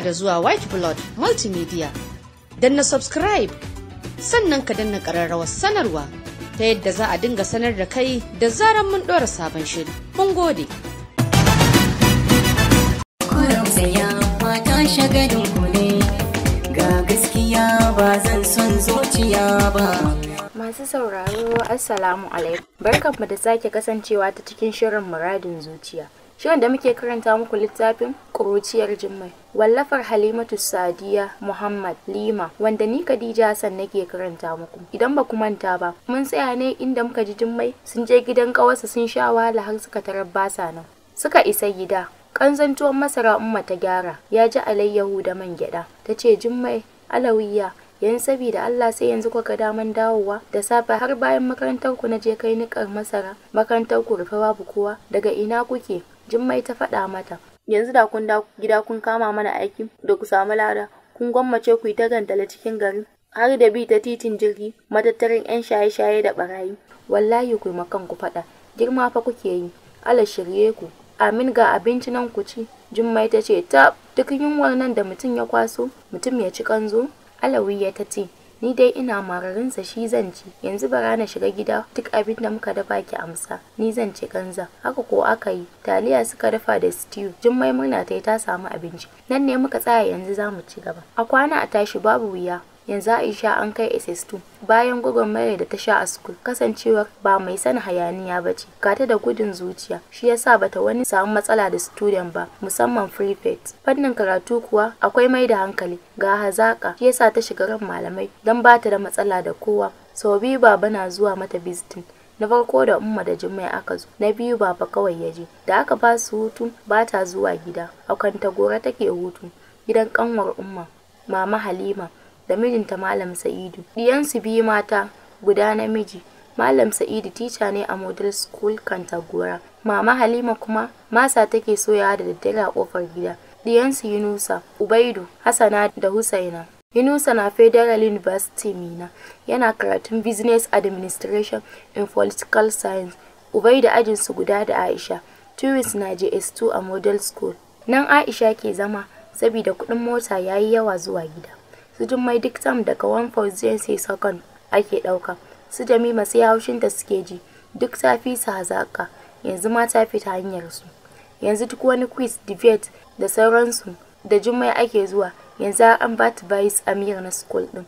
da zuwa white blood multimedia na subscribe sannan ka danna ƙararrawar sanarwa ta yadda za a dinga sanar da kai da zarar mun ɗora sabon shiri mun gode Masu sauraro, Assalamu alaikum. Barkanmu da sake kasancewa ta cikin shirin muradin zuciya. Shirin da muke karanta muku littafin Ƙuruciyar Jummai, wallafar Halimatu Sadiya Muhammad Lima, wanda ni Khadija Hassan nake karanta muku. Idan ba ku manta ba, mun tsaya ne inda muka ji Jummai sun je gidan ƙawarsa sun sha wahala har suka tarar basa nan. Suka isa gida, ƙanzantuwan masara umma ta gyara, ya ji alayyahu da man gyaɗa. Ta ce Jummai, alawiya, yan sabida Allah sai yanzu kuka daman dawowa da safe har bayan makarantar ku na je kai niƙar masara makarantar ku rufe babu kowa daga ina kuke Jummai ta faɗa mata. Yanzu da kun gida kun kama mana aiki da ku samu lada, kun gwammace ku yi ta gantala cikin gari, har da bi ta titin jirgi, matattarin 'yan shaye-shaye da barayi. Wallahi ku yi ku faɗa, girma fa kuke yi, Ala shirye ku. Amin ga abinci nan ku ci, Jummai ta ce ta duk yunwar nan da mutum ya kwaso, mutum ya ci kanzo, Alawi ya ta ce ni dai ina mararinsa shi zan ci yanzu bara na shiga gida duk abin da muka dafa ki amsa ni zan ci kanza haka ko aka yi taliya suka dafa da stew jummai murna ta ta samu abinci nan ne muka tsaya yanzu za mu ci gaba a kwana a tashi babu wuya yanzu Aisha an kai SS2 bayan gwagwarmayar da ta sha a school kasancewar ba mai san hayaniya ba ce da gudun zuciya shi yasa bata wani samu matsala da student ba musamman pet fannin karatu kuwa akwai mai da hankali ga hazaka shi yasa ta shiga ran malamai don ta da matsala da kowa sau biyu baba na zuwa mata visiting na farko da umma da jimmai aka zo na biyu baba kawai ya je da aka ba su hutu ba ta zuwa gida a kwanta gora take hutu gidan kanwar umma mama halima da mijinta Malam Sa'idu. Diyansu biyu mata guda namiji. Malam Sa'idu tica ne a Model School Kantagora. Mama Halima kuma masa take soyawa da daddare a kofar gida. Diyansu Yunusa, Ubaidu, Hassana da Husaina. Yunusa na Federal University Mina yana karatun Business Administration in Political Science. Ubaidu ajinsu guda da Aisha. Tourist na JS2 a Model School. Nan Aisha ke zama saboda kuɗin mota ya yi yawa zuwa gida. su jummai duk tam daga 1.0 sai second ake ɗauka su jamima sai haushin da suke ji duk ta fi su hazaƙa yanzu ma ta fita hanyarsu yanzu duk wani quiz debate da sauransu da jummai ake zuwa yanzu an ba ta bayis amir na school din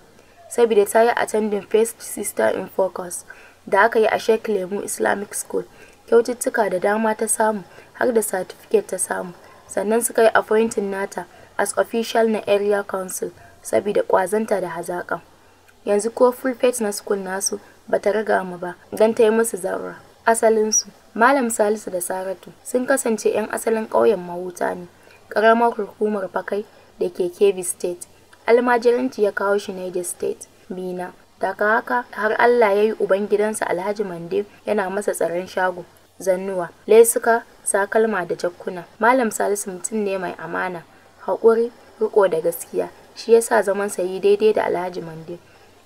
saboda ta yi attending first sister in focus da aka yi a shek lemu islamic school kyaututtuka da dama ta samu har da certificate ta samu sannan suka yi appointing nata as official na area council saboda kwazanta da hazaƙa. Yanzu ko full fulfet na school nasu bata raga mu ba don ta yi musu zarra. su, Malam Salisu da Saratu sun kasance 'yan asalin ƙauyen Mahuta ne, ƙaramar hukumar Fakai da ke Kebbi State. Almajiranci ya kawo shi Niger State, Bina. Daga haka har Allah ya yi Ubangidansa Alhaji Mande yana masa tsaron shago. zannuwa, lesuka, sakalma da jakkuna. Malam Salisu mutum ne mai amana, haƙuri, riƙo da gaskiya. shi ya sa zaman sayi daidai da Alhaji Mande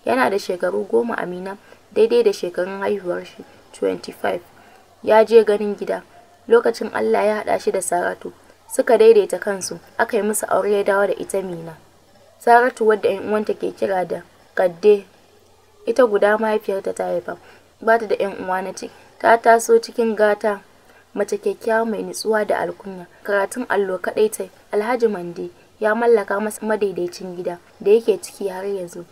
yana da shekaru goma Amina daidai da shekarun haihuwar shi 25 ya je ganin gida lokacin Allah ya haɗa shi da Saratu suka daidaita kansu aka yi musu aure ya dawo da ita Mina Saratu wadda 'yan uwanta ke kira da Kadde ita guda mahaifiyarta ta haifa ba ta da 'yan uwa na ce. ta taso cikin gata mace kyakkyawa mai nutsuwa da alkunya karatun allo kaɗai ta Alhaji Mande ya mallaka masa madaidaicin gida da yake ciki har yanzu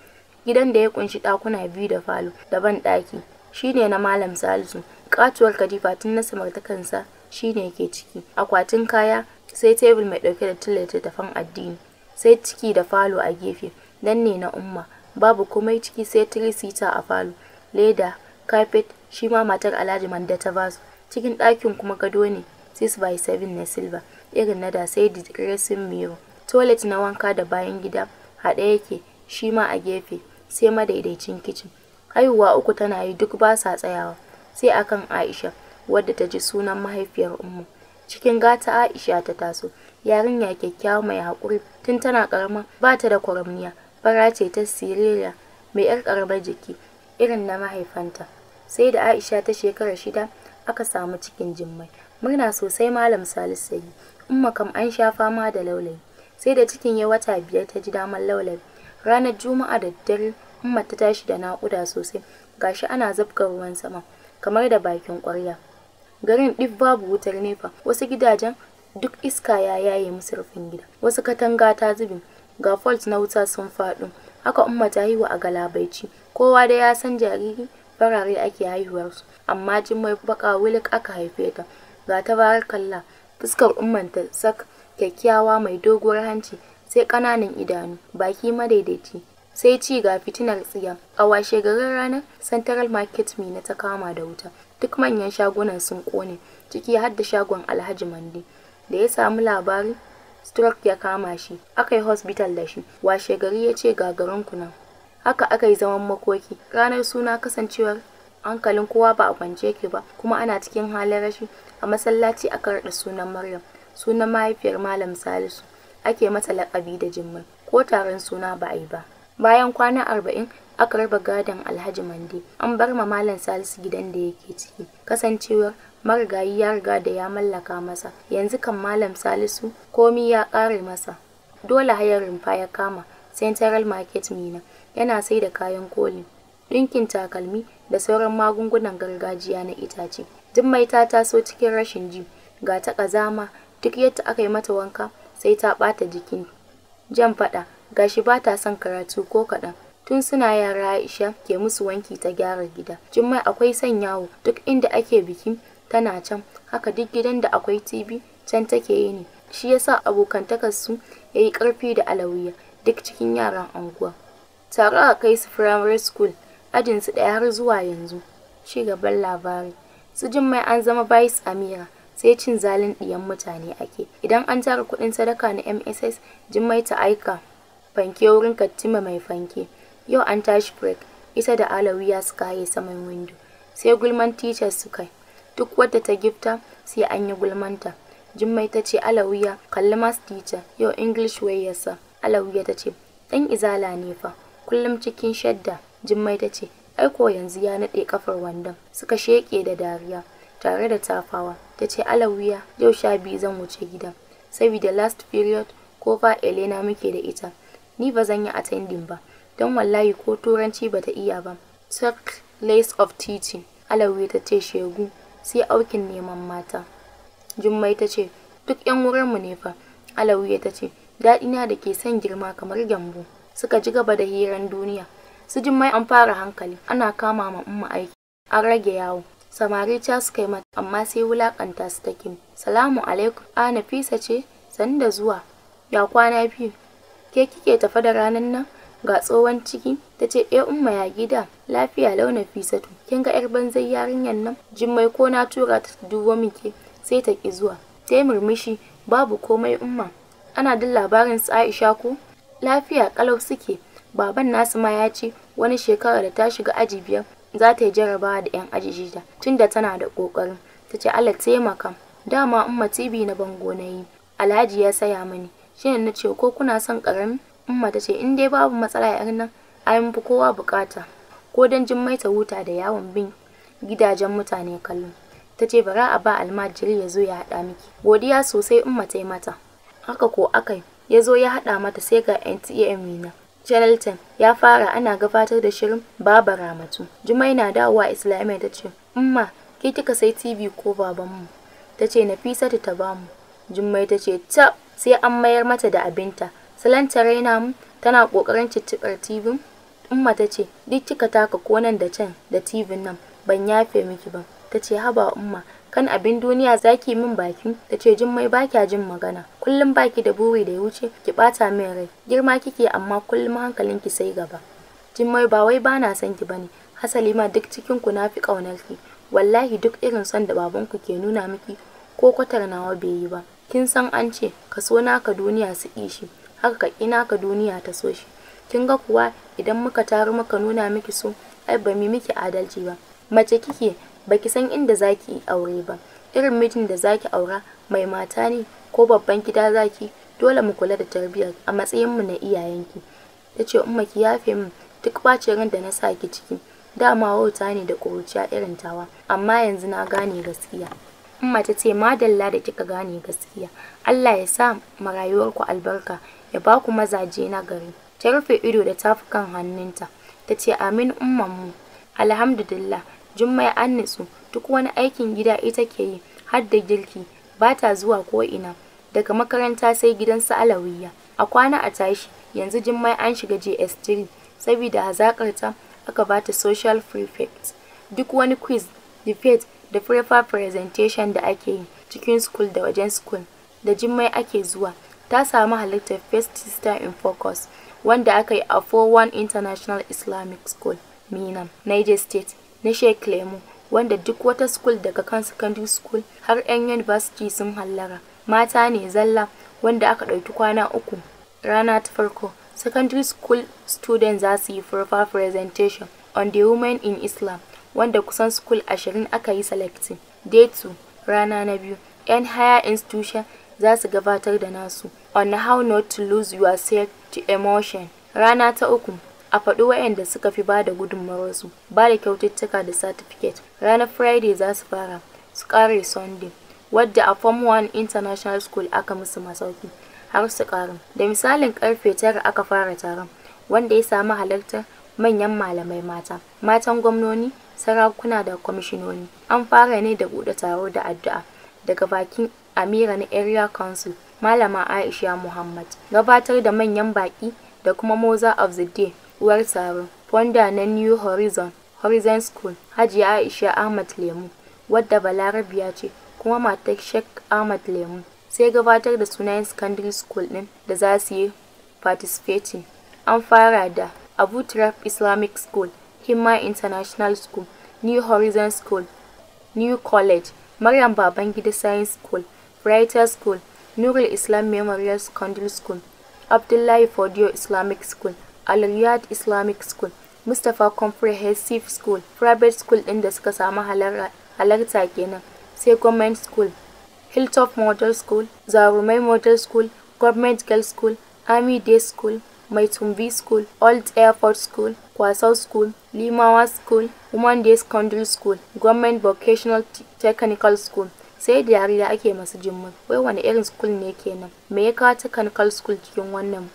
gidan da ya kunshi ɗakuna biyu da falo da ban ɗaki shine na malam salisu katuwar katifa tun na samartakansa shine ke ciki akwatin kaya sai tebul mai ɗauke da tallata addini sai ciki da falo a gefe dan ne na umma babu komai ciki sai tirisita a falo leda carpet shi ma matar alhaji manda ta basu cikin ɗakin kuma gado ne 6 by 7 na silva irin na da sai dressing mirror toilet na wanka da bayan gida haɗe yake shi ma a gefe sai madaidaicin kicin haihuwa uku tana yi duk ba sa tsayawa sai akan aisha wadda ta ji sunan mahaifiyar ummu cikin gata aisha ta taso yarinya kyakkyawa mai haƙuri tun tana ƙarama ba ta da kwaramniya fara ce ta siriya mai yar ƙaramar jiki irin na mahaifanta sai da aisha ta shekara shida aka samu cikin jimmai murna sosai malam salisu yi umma kam an sha fama da laulayi sai da cikin ya wata biyar ta ji damar laulabi ranar juma'a da dare umma ta tashi da naƙuda sosai gashi ana zabga ruwan sama kamar da bakin ƙwarya garin ɗif babu wutar nefa wasu gidajen duk iska ya yaye musu rufin gida wasu katanga ta zubi. ga fault na wuta sun faɗo haka umma ta haihu a galabaici kowa da ya san jariri farare ake haihuwarsu amma jin mai baka wulik aka haife ta ga kalla. fuskar umman ta saka. kyakkyawa mai doguwar hanci sai ƙananan idanu baki madaidaici sai ci ga fitinar tsiya a washe garin ranar central market na ta kama da wuta duk manyan shagunan sun kone ciki har da shagon alhaji Mande. da ya samu labari stroke ya kama shi aka yi hospital da shi washe gari ya ce gagarin kunan haka aka yi zaman makoki ranar suna kasancewar hankalin kowa ba a kwance ke ba kuma ana cikin halin rashi a masallaci aka raɗa sunan maryam sunan mahaifiyar malam salisu ake mata laƙabi da Jummai, ko taron suna ba a yi ba bayan kwana arba'in aka raba gadon alhaji mande an bar ma malam salisu gidan da yake ciki kasancewar marigayi ya riga da ya mallaka masa yanzu kan malam salisu komi ya ƙare masa dole hayar rumfa ya kama central market mina yana sai da kayan koli ɗinkin takalmi da sauran magungunan gargajiya na itace jummai ta taso cikin rashin ji ga ta ƙazama duk yadda aka yi mata wanka sai ta ɓata jikin jan faɗa gashi ba ta son karatu ko kaɗan tun suna yara Aisha ke musu wanki ta gyara gida Jummai akwai son yawo duk inda ake biki tana can haka duk gidan da akwai TV can take yi ne shi yasa abokantakar su yayi ƙarfi da alawiya duk cikin yaran anguwa tare a kai su primary school ajin su ɗaya har zuwa yanzu ci gaban labari su Jummai an zama bais amira sai cin zalin ɗiyan mutane ake idan an tara kuɗin sadaka na mss jimmai ta aika fanke wurin kattima mai fanke yau an tashi break ita da alawiya suka haye saman windo sai gulman teachers kai duk wadda ta gifta sai an yi gulmanta jimmai ta ce alawiya kalli mas teacher yau english way yasa alawiya ta ce ɗan izala ne fa kullum cikin shadda jimmai ta ce aiko yanzu ya naɗe kafar wandon suka sheƙe da dariya tare da tafawa ta ce alawiya yau sha biyu zan wuce gida saboda last period ko fa elena muke da ita ni ba zan yi attending ba don wallahi ko turanci ba ta iya ba took lace of teaching alawiya ta ce shegu sai aukin neman mata jummai ta ce duk yan wurinmu ne fa alawiya ta ce daɗina da ke son girma kamar gyambo suka ji gaba da hiran duniya su jummai an fara hankali ana kama ma aiki an rage yawo samari ta suka yi mata amma sai wulakanta su take salamu alaikum a nafisa ce sanda zuwa ya kwana biyu ke kike tafa da ranan nan ga tsohon ciki ta ce e umma ya gida lafiya lau tu kin ga yar banzai yarinyar nan jimmai ko na tura ta duwo muke. sai ta ki zuwa ta murmushi babu komai umma ana dan labarin su Aisha ko lafiya kalau suke baban nasu ma ya ce wani shekara da ta shiga aji biyar za ta yi jarabawa da 'yan aji ta tunda tana da ƙoƙarin ta ce Allah taimaka dama in matibi na bango na yi alhaji ya saya mani shi na ce ko kuna son ƙarami umma ta ce in dai babu matsala yar nan ai mun fi kowa bukata ko dan mai ta huta da yawon bin gidajen mutane kallo ta ce bara a ba almajiri ya zo ya haɗa miki godiya sosai umma ta yi mata haka ko akai ya zo ya haɗa mata sai ga NTA nan 10 ya fara ana gabatar da shirin Baba Ramatu. Jumai na dawowa Islamiyya ta ce, "Umma, ke kika sai TV ko babanmu?" Ta ce, "Nafisa ta bamu." Jummai ta ce, "Ta, sai an mayar mata da abinta." Salon ta raina mu tana kokarin cicciɓar TV. Umma ta ce, "Duk kika taka ko nan da can da TV nan, ban yafe miki ba." ta ce haba umma kan abin duniya zaki min baki ta ce jummai ba kya jin magana kullum baki da buri da ya wuce ki bata min rai girma kike amma kullum hankalinki sai gaba jummai ba wai bana son ki bane hasali ma duk cikin ku na kaunar ki wallahi duk irin son da babanku ke nuna miki ko kwatar nawa bai yi ba kin san an ce ka so naka duniya su ishi haka ka ina ka duniya ta so shi kin ga kuwa idan muka taru muka nuna miki so ai ba mi miki adalci ba mace kike baki san inda zaki yi aure ba irin mijin da zaki aura mai mata ne ko babban gida zaki dole mu kula da tarbiyyar a matsayin mu na iyayenki tace umma ki yafe min duk bace ran da na sa ki ciki dama wauta ne da kuruciya irin tawa amma yanzu na gane gaskiya umma ta ce madalla da kika gane gaskiya Allah ya sa marayuwarku albarka ya ba ku mazaje na gari ta rufe ido da tafukan hannunta ta ce amin umman mu alhamdulillah Jummai an nutsu duk wani aikin gida ita ke yi, har da girki, ba ta zuwa ko ina. Daga makaranta sai gidan su Alawiya. A kwana a tashi, yanzu Jummai an shiga JS3, saboda ta aka ba ta social prefect. Duk wani quiz, debate da prefer presentation da ake yi cikin school da wajen school da Jummai ake zuwa. Ta samu halittar First Sister in Focus, wanda aka yi a 41 International Islamic School, Minam, Niger State. na Sheklemu, Lemu wanda duk wata school daga kan secondary school har 'yan university sun hallara. Mata ne zalla wanda aka ɗauki kwana uku rana ta farko. Secondary school students za su yi farfa presentation on the women in Islam wanda kusan school ashirin aka yi selecting. Day 2 rana na biyu. 'Yan higher institution za su gabatar da nasu on how not to lose yourself to emotion. Rana ta uku a faɗi waɗanda suka fi ba da gudunmawarsu ba da kyaututtuka da satifiket ranar friday za su fara su ƙare sunday wadda a form 1 international school aka musu masauki har su ƙarin da misalin karfe tara aka fara taron wanda ya samu halartar manyan malamai mata matan gwamnoni sarakuna da kwamishinoni an fara ne da buɗe taro da addu'a daga bakin amira na area council malama aisha muhammad gabatar da manyan baƙi da kuma moza of the day uwar taron, Wanda na New Horizon, Horizon School, Hajiya Aisha Ahmad Lemu, wadda Balarabiya ce kuma matar Sheikh Ahmad Lemu, sai gabatar da sunayen secondary school din da za su yi participating. An fara da Abu Traf Islamic School, Himma International School, New Horizon School, New College, Maryam Babangida Science School, writer School, Nurul Islam Memorial Secondary School, Abdullahi fordio Islamic School, Al-Riyadh Islamic School, Mustapha Comprehensive School, private school ɗin da suka samu halarta kenan, sai Government School, Hilltop Model School, Zarumai Model School, Government Girls School, Army Day School, Maitumbi School, Old Airport School, Kwasau School, Limawa School, Woman Day Secondary School, Government Vocational Technical School. Sai da yare da ake masu jimmin, wai wani irin school ne kenan, me ya kawo technical school cikin wannan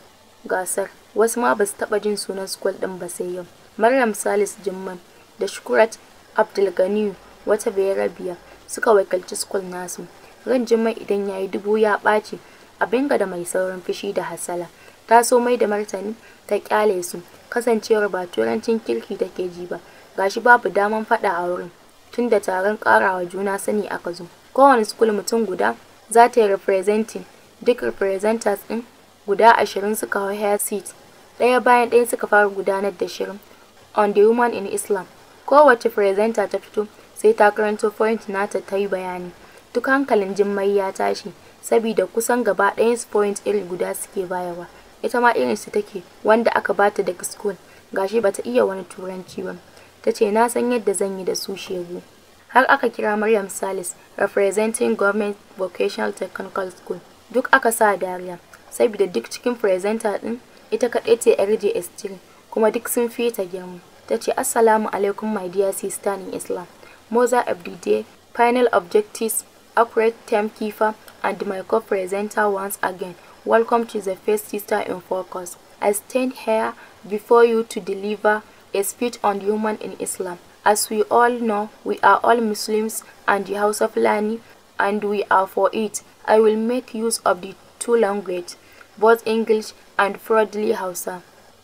gasar? wasu ma ba su taɓa jin sunan school ɗin ba sai yau maryam salis jimman da shukurat abdulganiyu wata bayarabiya suka wakilci school nasu ran jimman idan ya yi dubu ya ɓaci abin ga da mai saurin fushi da hasala ta so mai da martani ta kyale su kasancewar ba turancin kirki take ji ba gashi babu daman faɗa a wurin tunda taron ƙarawa juna sani aka zo kowane school mutum guda za ta yi representing duk representers din guda ashirin suka hau hair seat ɗaya bayan ɗaya suka fara gudanar da shirin on the woman in islam kowace presenter ta fito sai ta karanto point nata ta yi bayani duk hankalin jimmai ya tashi saboda kusan gaba ɗayansu point irin guda suke bayarwa ita ma irin su take wanda aka bata daga school gashi bata iya wani turanci ba ta ce na san yadda zan yi da su shegu har aka kira Maryam Salis representing Government Vocational Technical School duk aka sa dariya saboda duk cikin presenter din ita kaɗai ce yar JS3 kuma duk sun fi ta girma. Assalamu alaikum my dear sister in Islam. Moza Abdide, final objectives, accurate term keeper and my co-presenter once again. Welcome to the first sister in focus. I stand here before you to deliver a speech on human in Islam. As we all know, we are all Muslims and the house of learning, and we are for it. I will make use of the two languages both English and Fraudly Hausa.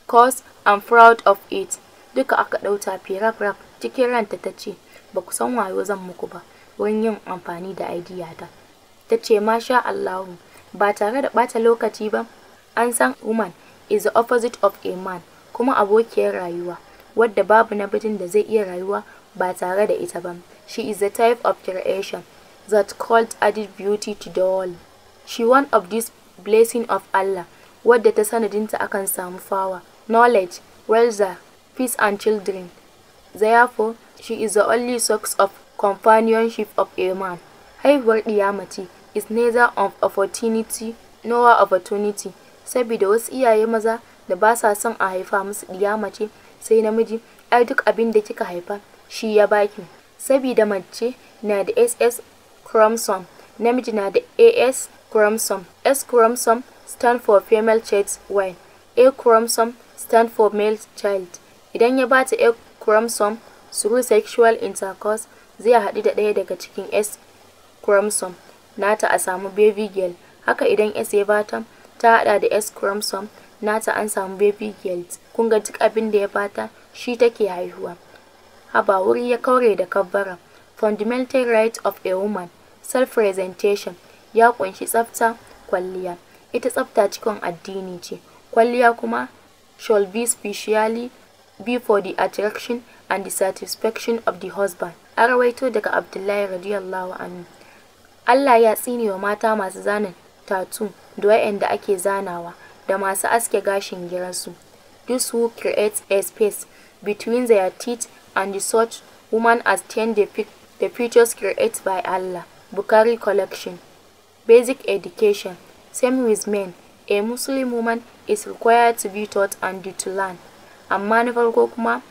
Cause I'm proud of it. Duka aka ɗauta firaf rap cikin ranta ta ce, ba ku san wayo zan muku ba, wurin yin amfani da idea Ta ce, Masha Allahu, ba tare da ɓata lokaci ba, an san woman is the opposite of a man, kuma abokiyar rayuwa, wadda babu na bidin da zai iya rayuwa ba tare da ita ba. She is the type of creation that called added beauty to the world. She one of these Blessing of Allah, wadda ta sanadinta akan samu fawa, knowledge, wealth, peace and children. Therefore, she is the only source of companionship of a man. Haihuwar ɗiyamati is neither of opportunity nor opportunity, saboda wasu iyaye maza da ba sa son a haifa musu ɗiyamace sai namiji, ai duk abin da kika haifa shi ya baki. Saboda mace na da SS chromosome, namiji na da AS chromosome. S chromosome stand for female child Y, A chromosome stand for male child. Idan ya bata A chromosome through sexual intercourse zai haɗu da ɗaya daga cikin S chromosome nata a samu baby girl. Haka idan S ya bata ta haɗa da S chromosome nata an samu baby girl. Kun ga duk abin da ya bata shi take haihuwa. Haba wuri ya kaure da kabbara. Fundamental right of a woman, self-presentation, ya ƙunshi tsafta, kwalliya ita tsafta cikin addini ce kwalliya kuma shall be specially be for the attraction and the satisfaction of the husband a rawaito daga abdullahi radiyallahu anhu Allah ya tsine wa mata masu zanen tatu da wa'anda ake zanawa da masu aske gashin giransu this who creates a space between their teeth and the such woman as ten the, the pictures created by Allah bukari collection basic education, same with men, a Muslim woman is required to be taught and to learn, amma na farko kuma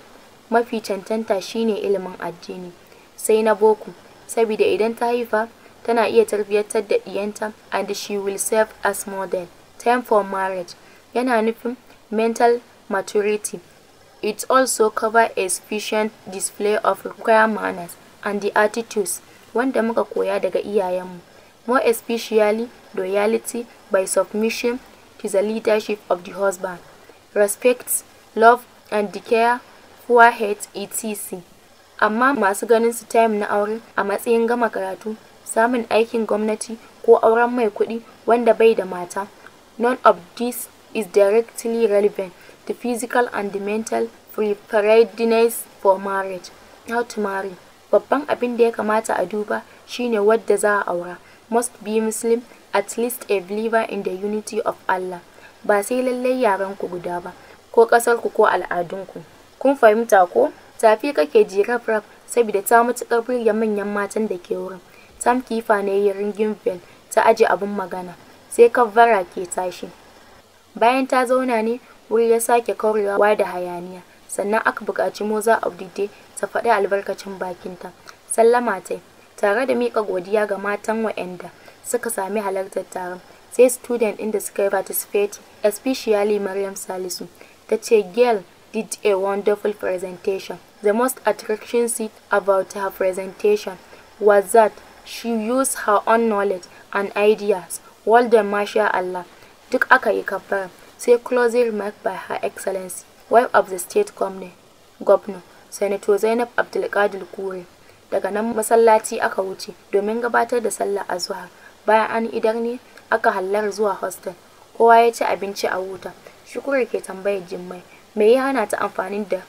mafi cancanta shine ilimin addini, sai na boko, saboda idan ta haifa tana iya tarbiyyantar da ɗiyanta and she will serve as model. Time for marriage yana nufin mental maturity. It also cover a sufficient display of required manners and the attitudes wanda muka koya daga iyayenmu. more especially loyalty by submission to the leadership of the husband, respect, love, and the care for head etc. Amma masu ganin su time na aure a matsayin gama karatu, samun aikin gwamnati ko auren mai kuɗi wanda bai da mata. None of this is directly relevant to physical and the mental preparedness for marriage. How to marry. Babban abin da ya kamata a duba shine wadda za a aura. must be Muslim, at least a believer in the unity of Allah. Ba sai lallai yarenku guda ba, ko ku ko al'adunku. Kun fahimta ko? Tafi kake ji raf saboda ta matuƙar birya manyan matan da ke wurin. Tam kifa ne ya ringin bell ta aje abin magana, sai kabbara ke tashi. Bayan ta zauna ne, wuri ya sake kaurewa da hayaniya, sannan aka buƙaci Moza Abdide ta faɗi albarkacin bakinta. Sallama tai. tare da mika godiya ga matan wayanda suka sami halartar taron sai student ɗin da suka yi participate especially Maryam Salisu ta ce girl did a wonderful presentation the most attraction seat about her presentation was that she used her own knowledge and ideas while the masha Allah duk aka yi kafar sai closing remark by her excellency wife of the state governor, governor senator Zainab Abdulkadir Kure daga nan masallaci aka wuce domin gabatar da sallah a azhar bayan an idar ne aka hallar zuwa hostel kowa ya ci abinci a wuta shukuri ke tambayar jimmai me ya hana ta amfani da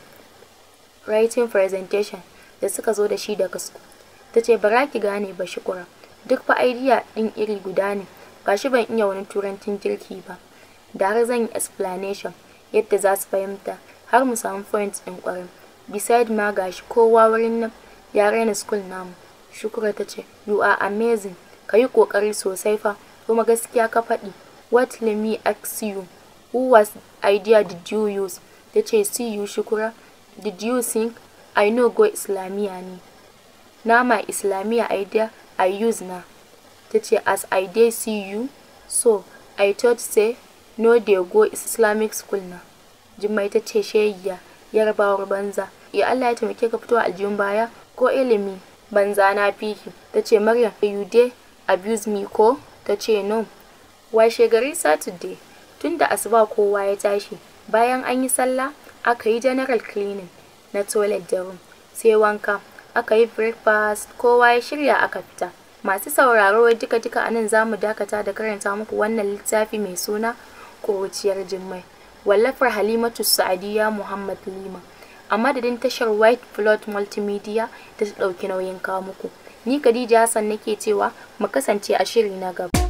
writing presentation da suka zo da shi daga su ta ce bara ki gane ba shukura duk fa idea din iri guda ne ba shi ban iya wani turancin kirki ba da har zan yi explanation yadda za su fahimta har mu samu points din kwarin beside ma gashi kowa wurin nan ya raina school namu shukura ta ce you are amazing ka yi kokari sosai fa kuma gaskiya ka faɗi what let me ask you who was idea did you use ta ce see you shukura did you think i know go islamiya ne na ma islamiya idea i use na ta ce as i dey see you so i thought say no dey go islamic school na jimai ta ce shegiya yarbawar banza ya allah ya taimake ka fito a aljihun baya ko ilimi banza na fiki ta ce maryam you dey abuse me ko ta ce no washe gari saturday tun da asuba kowa ya tashi bayan an yi sallah aka yi general cleaning na toilet da room sai wanka aka yi breakfast kowa ya shirya aka fita masu sauraro duka duka a nan mu dakata da karanta muku wannan littafi mai suna kuruciyar jimmai wallafar halimatu sa'adiyya muhammad lima a madadin tashar White Blood Multimedia da ta ɗauki nauyin kawo muku. Ni Khadija Hassan nake cewa mu kasance a shiri na gaba.